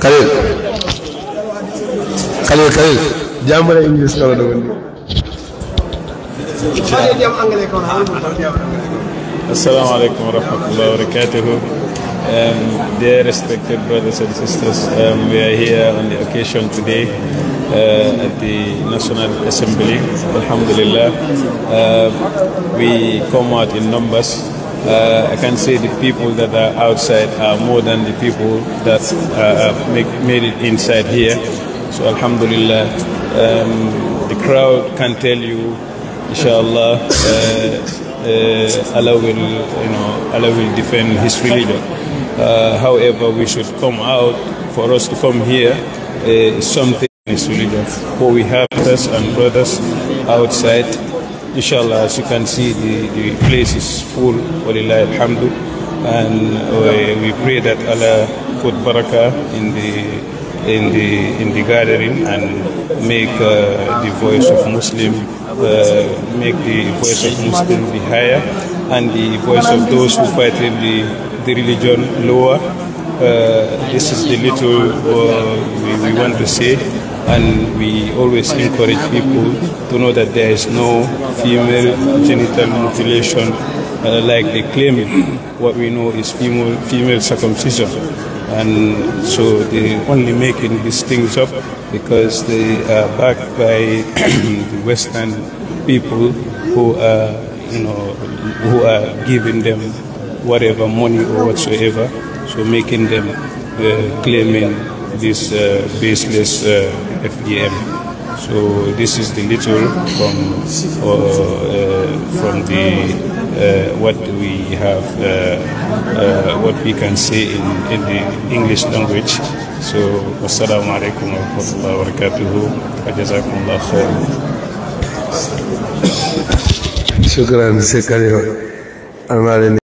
Khalil Khalil Khalil jàmbale English kala dogon Assalamu alaikum wa rahmatullahi wa barakatuh. Um, dear respected brothers and sisters, um, we are here on the occasion today uh, at the National Assembly. Alhamdulillah, uh, we come out in numbers uh, I can say the people that are outside are more than the people that uh, make, made it inside here. So Alhamdulillah, um, the crowd can tell you, inshallah, uh, uh Allah will, you know, Allah will defend His religion. Uh, however, we should come out. For us to come here. Uh, something is religion. For we have brothers and brothers outside Inshallah, as you can see, the, the place is full, walillah alhamdu. And we, uh, we pray that Allah put barakah in the in the in the gathering and make uh, the voice of Muslim uh, make the voice of Muslim be higher and the voice of those who fight in the, the religion lower. Uh, this is the little uh, we, we want to say and we always encourage people to know that there is no female genital mutilation uh, like they claim it. What we know is female, female circumcision. And so they only making these things up because they are backed by the Western people who are, you know, who are giving them whatever money or whatsoever, so making them uh, claiming this uh, baseless uh, FDM. So this is the little from uh, uh, from the uh, what we have what we can say in, in the English language. So wassalamu alaikum wa rahmatullahi wa barakatuhu wa jazakumullah khairan. شكرا